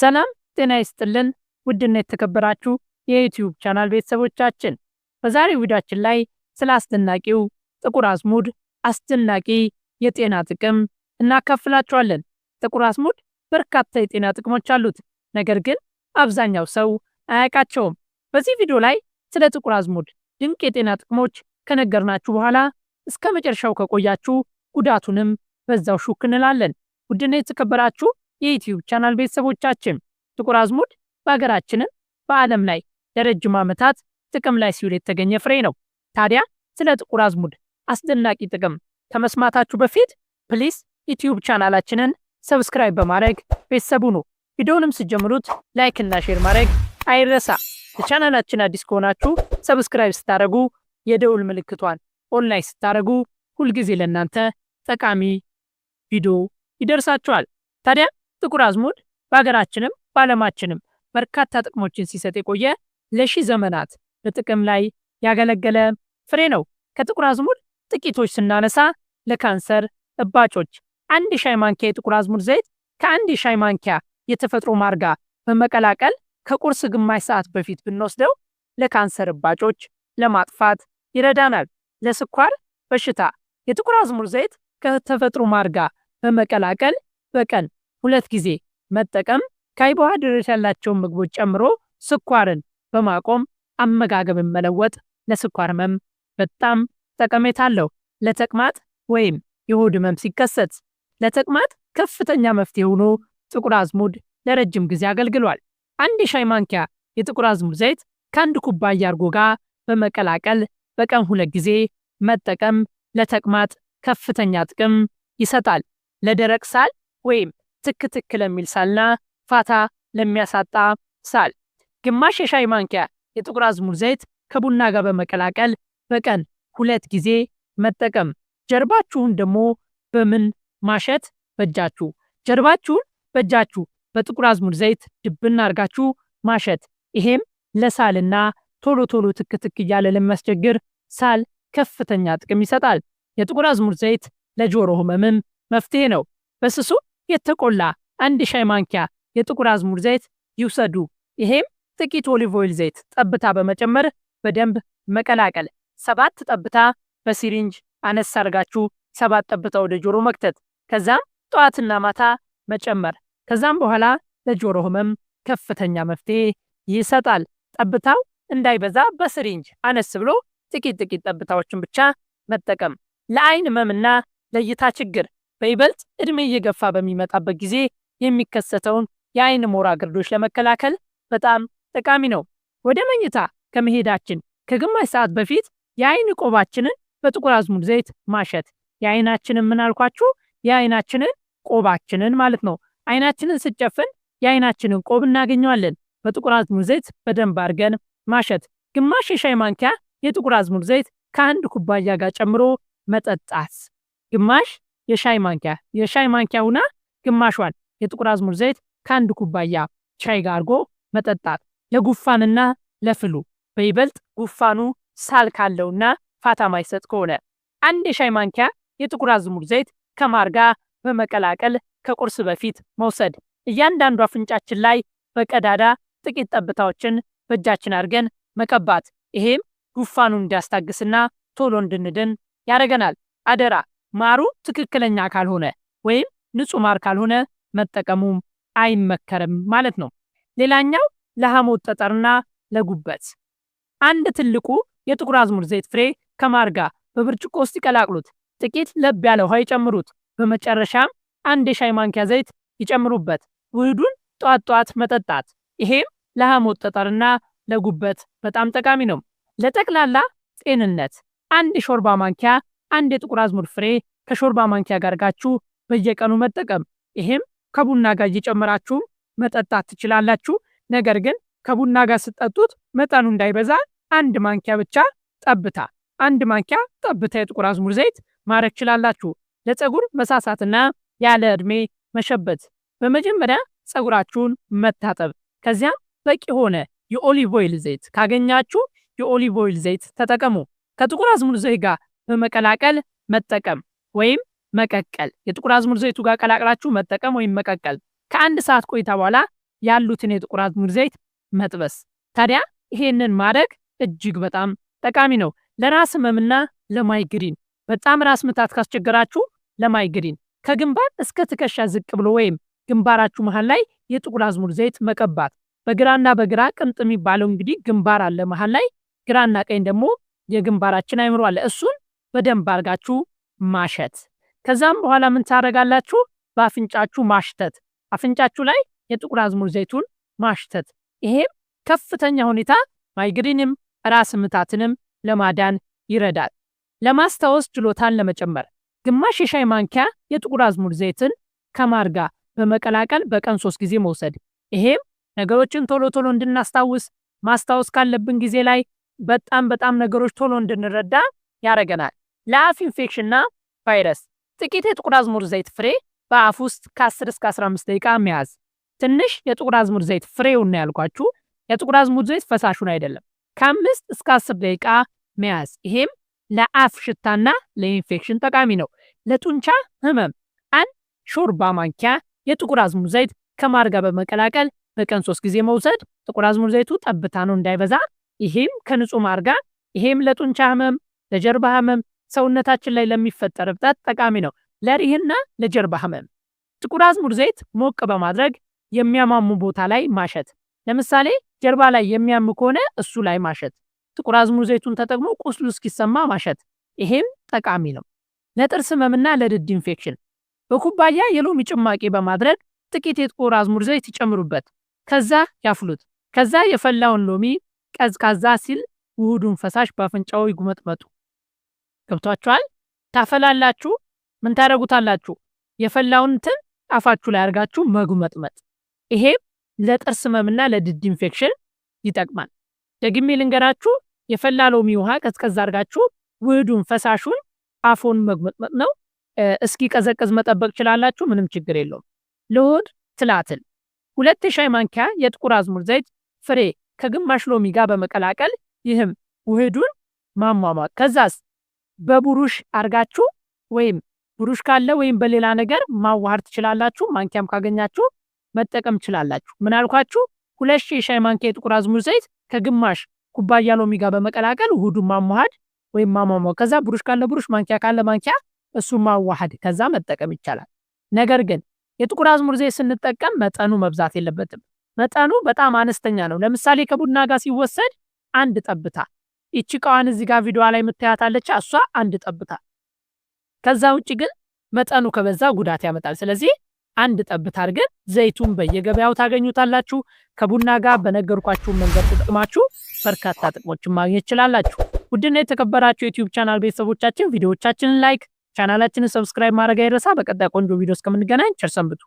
ሰላም ጤና ይስጥልን ውድና የተከበራችሁ የዩትዩብ ቻናል ቤተሰቦቻችን በዛሬ ዊዳችን ላይ ስለ አስደናቂው ጥቁር አዝሙድ አስደናቂ የጤና ጥቅም እናካፍላችኋለን። ጥቁር አዝሙድ በርካታ የጤና ጥቅሞች አሉት፣ ነገር ግን አብዛኛው ሰው አያውቃቸውም። በዚህ ቪዲዮ ላይ ስለ ጥቁር አዝሙድ ድንቅ የጤና ጥቅሞች ከነገርናችሁ በኋላ እስከ መጨረሻው ከቆያችሁ ጉዳቱንም በዛው ሹክ እንላለን። ውድና የተከበራችሁ የዩትዩብ ቻናል ቤተሰቦቻችን ጥቁር አዝሙድ በሀገራችንም በዓለም ላይ ለረጅም ዓመታት ጥቅም ላይ ሲውል የተገኘ ፍሬ ነው። ታዲያ ስለ ጥቁር አዝሙድ አስደናቂ ጥቅም ከመስማታችሁ በፊት ፕሊስ ዩትዩብ ቻናላችንን ሰብስክራይብ በማድረግ ቤተሰቡ ነው። ቪዲዮንም ስጀምሩት ላይክ እና ሼር ማድረግ አይረሳ። ለቻናላችን አዲስ ከሆናችሁ ሰብስክራይብ ስታደረጉ የደውል ምልክቷን ኦንላይን ስታደረጉ ሁልጊዜ ለእናንተ ጠቃሚ ቪዲዮ ይደርሳችኋል። ታዲያ ጥቁር አዝሙድ በሀገራችንም በዓለማችንም በርካታ ጥቅሞችን ሲሰጥ የቆየ ለሺህ ዘመናት በጥቅም ላይ ያገለገለ ፍሬ ነው። ከጥቁር አዝሙድ ጥቂቶች ስናነሳ ለካንሰር እባጮች አንድ ሻይ ማንኪያ የጥቁር አዝሙድ ዘይት ከአንድ ሻይ ማንኪያ የተፈጥሮ ማርጋ በመቀላቀል ከቁርስ ግማሽ ሰዓት በፊት ብንወስደው ለካንሰር እባጮች ለማጥፋት ይረዳናል። ለስኳር በሽታ የጥቁር አዝሙድ ዘይት ከተፈጥሮ ማርጋ በመቀላቀል በቀን ሁለት ጊዜ መጠቀም ካርቦሃይድሬት ያላቸውን ምግቦች ጨምሮ ስኳርን በማቆም አመጋገብን መለወጥ ለስኳር ህመም በጣም ጠቀሜታ አለው። ለተቅማጥ ወይም የሆድ ህመም ሲከሰት ለተቅማጥ ከፍተኛ መፍትሄ ሆኖ ጥቁር አዝሙድ ለረጅም ጊዜ አገልግሏል። አንድ የሻይ ማንኪያ የጥቁር አዝሙድ ዘይት ከአንድ ኩባያ እርጎ ጋር በመቀላቀል በቀን ሁለት ጊዜ መጠቀም ለተቅማጥ ከፍተኛ ጥቅም ይሰጣል። ለደረቅ ሳል ወይም ትክ ትክ ለሚል ሳልና ፋታ ለሚያሳጣ ሳል ግማሽ የሻይ ማንኪያ የጥቁር አዝሙድ ዘይት ከቡና ጋር በመቀላቀል በቀን ሁለት ጊዜ መጠቀም። ጀርባችሁን ደግሞ በምን ማሸት? በእጃችሁ። ጀርባችሁን በእጃችሁ በጥቁር አዝሙድ ዘይት ድብና አርጋችሁ ማሸት። ይሄም ለሳልና ቶሎ ቶሎ ትክ ትክ እያለ ለሚያስቸግር ሳል ከፍተኛ ጥቅም ይሰጣል። የጥቁር አዝሙድ ዘይት ለጆሮ ህመምም መፍትሄ ነው። በስሱም የተቆላ አንድ ሻይ ማንኪያ የጥቁር አዝሙድ ዘይት ይውሰዱ። ይሄም ጥቂት ኦሊቭ ኦይል ዘይት ጠብታ በመጨመር በደንብ መቀላቀል። ሰባት ጠብታ በሲሪንጅ አነስ አድርጋችሁ ሰባት ጠብታ ወደ ጆሮ መክተት። ከዛም ጠዋትና ማታ መጨመር። ከዛም በኋላ ለጆሮ ህመም ከፍተኛ መፍትሄ ይሰጣል። ጠብታው እንዳይበዛ በስሪንጅ አነስ ብሎ ጥቂት ጥቂት ጠብታዎችን ብቻ መጠቀም። ለአይን ህመምና ለእይታ ችግር በይበልጥ እድሜ እየገፋ በሚመጣበት ጊዜ የሚከሰተውን የአይን ሞራ ግርዶች ለመከላከል በጣም ጠቃሚ ነው። ወደ መኝታ ከመሄዳችን ከግማሽ ሰዓት በፊት የአይን ቆባችንን በጥቁር አዝሙድ ዘይት ማሸት። የአይናችንን ምን አልኳችሁ? የአይናችንን ቆባችንን ማለት ነው። አይናችንን ስጨፍን የአይናችንን ቆብ እናገኘዋለን። በጥቁር አዝሙድ ዘይት በደንብ አድርገን ማሸት። ግማሽ የሻይ ማንኪያ የጥቁር አዝሙድ ዘይት ከአንድ ኩባያ ጋር ጨምሮ መጠጣት። ግማሽ የሻይ ማንኪያ የሻይ ማንኪያውና ግማሿን የጥቁር አዝሙድ ዘይት ከአንድ ኩባያ ሻይ ጋር አድርጎ መጠጣት ለጉፋንና ለፍሉ በይበልጥ ጉፋኑ ሳል ካለውና ፋታ ማይሰጥ ከሆነ አንድ የሻይ ማንኪያ የጥቁር አዝሙድ ዘይት ከማር ጋር በመቀላቀል ከቁርስ በፊት መውሰድ። እያንዳንዱ አፍንጫችን ላይ በቀዳዳ ጥቂት ጠብታዎችን በእጃችን አድርገን መቀባት። ይሄም ጉፋኑን እንዲያስታግስና ቶሎ እንድንድን ያደርገናል። አደራ ማሩ ትክክለኛ ካልሆነ ወይም ንጹህ ማር ካልሆነ መጠቀሙም አይመከርም ማለት ነው። ሌላኛው ለሐሞት ጠጠርና ለጉበት አንድ ትልቁ የጥቁር አዝሙድ ዘይት ፍሬ ከማር ጋር በብርጭቆ ውስጥ ይቀላቅሉት። ጥቂት ለብ ያለ ውሃ ይጨምሩት። በመጨረሻም አንድ የሻይ ማንኪያ ዘይት ይጨምሩበት። ውህዱን ጧት ጧት መጠጣት። ይሄም ለሐሞት ጠጠርና ለጉበት በጣም ጠቃሚ ነው። ለጠቅላላ ጤንነት አንድ የሾርባ ማንኪያ አንድ የጥቁር አዝሙድ ፍሬ ከሾርባ ማንኪያ ጋር ጋችሁ በየቀኑ መጠቀም። ይሄም ከቡና ጋር እየጨመራችሁ መጠጣት ትችላላችሁ። ነገር ግን ከቡና ጋር ስጠጡት መጠኑ እንዳይበዛ አንድ ማንኪያ ብቻ ጠብታ አንድ ማንኪያ ጠብታ የጥቁር አዝሙድ ዘይት ማድረግ ችላላችሁ። ለፀጉር መሳሳትና ያለ እድሜ መሸበት፣ በመጀመሪያ ፀጉራችሁን መታጠብ፣ ከዚያም በቂ የሆነ የኦሊቭ ኦይል ዘይት ካገኛችሁ የኦሊቭ ኦይል ዘይት ተጠቀሙ። ከጥቁር አዝሙድ ዘይት ጋር በመቀላቀል መጠቀም ወይም መቀቀል። የጥቁር አዝሙድ ዘይቱ ጋር ቀላቅላችሁ መጠቀም ወይም መቀቀል። ከአንድ ሰዓት ቆይታ በኋላ ያሉትን የጥቁር አዝሙድ ዘይት መጥበስ። ታዲያ ይሄንን ማድረግ እጅግ በጣም ጠቃሚ ነው። ለራስ ህመምና ለማይግሪን በጣም ራስ ምታት ካስቸገራችሁ ለማይግሪን ከግንባር እስከ ትከሻ ዝቅ ብሎ ወይም ግንባራችሁ መሃል ላይ የጥቁር አዝሙድ ዘይት መቀባት። በግራና በግራ ቅንጥ የሚባለው እንግዲህ ግንባር አለ መሃል ላይ ግራና ቀኝ ደግሞ የግንባራችን አይምሮ አለ። እሱን በደንብ አድርጋችሁ ማሸት። ከዛም በኋላ ምን ታደርጋላችሁ? በአፍንጫችሁ ማሽተት። አፍንጫችሁ ላይ የጥቁር አዝሙድ ዘይቱን ማሽተት። ይሄም ከፍተኛ ሁኔታ ማይግሪንም ራስ ምታትንም ለማዳን ይረዳል። ለማስታወስ ችሎታን ለመጨመር ግማሽ የሻይ ማንኪያ የጥቁር አዝሙድ ዘይትን ከማር ጋር በመቀላቀል በቀን ሶስት ጊዜ መውሰድ። ይሄም ነገሮችን ቶሎ ቶሎ እንድናስታውስ ማስታወስ ካለብን ጊዜ ላይ በጣም በጣም ነገሮች ቶሎ እንድንረዳ ያደርገናል። ለአፍ ኢንፌክሽንና ቫይረስ ጥቂት የጥቁር አዝሙድ ዘይት ፍሬ በአፍ ውስጥ ከ10 እስከ 15 ደቂቃ መያዝ። ትንሽ የጥቁር አዝሙድ ዘይት ፍሬውን ያልኳችሁ የጥቁር አዝሙድ ዘይት ፈሳሹን አይደለም። ከአምስት እስከ 10 ደቂቃ መያዝ። ይሄም ለአፍ ሽታና ለኢንፌክሽን ጠቃሚ ነው። ለጡንቻ ህመም አንድ ሾርባ ማንኪያ የጥቁር አዝሙድ ዘይት ከማር ጋር በመቀላቀል በቀን ሶስት ጊዜ መውሰድ። ጥቁር አዝሙድ ዘይቱ ጠብታ ነው እንዳይበዛ። ይሄም ከንጹህ ማር ጋር ይሄም ለጡንቻ ህመም፣ ለጀርባ ህመም፣ ሰውነታችን ላይ ለሚፈጠር እብጠት ጠቃሚ ነው። ለሪህና ለጀርባ ህመም ጥቁር አዝሙድ ዘይት ሞቅ በማድረግ የሚያማሙ ቦታ ላይ ማሸት። ለምሳሌ ጀርባ ላይ የሚያም ከሆነ እሱ ላይ ማሸት። ጥቁር አዝሙድ ዘይቱን ተጠቅሞ ቁስሉ እስኪሰማ ማሸት። ይሄም ጠቃሚ ነው። ለጥርስ ህመምና ለድድ ኢንፌክሽን በኩባያ የሎሚ ጭማቂ በማድረግ ጥቂት የጥቁር አዝሙድ ዘይት ይጨምሩበት። ከዛ ያፍሉት። ከዛ የፈላውን ሎሚ ቀዝቃዛ ሲል ውህዱን ፈሳሽ በአፍንጫው ይጉመጥመጡ። ገብቷችኋል? ታፈላላችሁ። ምን ታደርጉታላችሁ? የፈላውን እንትን አፋችሁ ላይ አርጋችሁ መጉመጥመጥ። ይሄም ለጥርስ ህመምና ለድድ ኢንፌክሽን ይጠቅማል። ደግሜ ልንገራችሁ፣ የፈላ ሎሚ ውሃ ቀዝቀዝ አድርጋችሁ ውህዱን ፈሳሹን አፎን መጉመጥመጥ ነው። እስኪ ቀዘቀዝ መጠበቅ ችላላችሁ፣ ምንም ችግር የለውም። ለሆድ ትላትል ሁለት የሻይ ማንኪያ የጥቁር አዝሙድ ዘይት ፍሬ ከግማሽ ሎሚ ጋር በመቀላቀል ይህም ውህዱን ማሟሟቅ ከዛስ በቡሩሽ አድርጋችሁ ወይም ብሩሽ ካለ ወይም በሌላ ነገር ማዋሃድ ትችላላችሁ። ማንኪያም ካገኛችሁ መጠቀም ትችላላችሁ። ምናልኳችሁ ሁለት ሺህ የሻይ ማንኪያ የጥቁር አዝሙድ ዘይት ከግማሽ ኩባያ ሎሚ ጋር በመቀላቀል ውዱ ማዋሃድ ወይም ማሟሟ ከዛ ብሩሽ ካለ ብሩሽ፣ ማንኪያ ካለ ማንኪያ እሱ ማዋሃድ ከዛ መጠቀም ይቻላል። ነገር ግን የጥቁር አዝሙድ ዘይት ስንጠቀም መጠኑ መብዛት የለበትም። መጠኑ በጣም አነስተኛ ነው። ለምሳሌ ከቡና ጋር ሲወሰድ አንድ ጠብታ ይቺ ቃዋን እዚህ ጋር ቪዲዮ ላይ የምታያታለች እሷ አንድ ጠብታ። ከዛ ውጭ ግን መጠኑ ከበዛ ጉዳት ያመጣል። ስለዚህ አንድ ጠብታ አድርገን ዘይቱን በየገበያው ታገኙታላችሁ። ከቡና ጋር በነገርኳችሁ መንገድ ተጠቅማችሁ በርካታ ጥቅሞችን ማግኘት ይችላላችሁ። ውድና የተከበራችሁ የዩቲዩብ ቻናል ቤተሰቦቻችን ቪዲዮዎቻችንን ላይክ፣ ቻናላችንን ሰብስክራይብ ማድረግ አይረሳ። በቀጣይ ቆንጆ ቪዲዮ እስከምንገናኝ ቸር ሰንብቱ።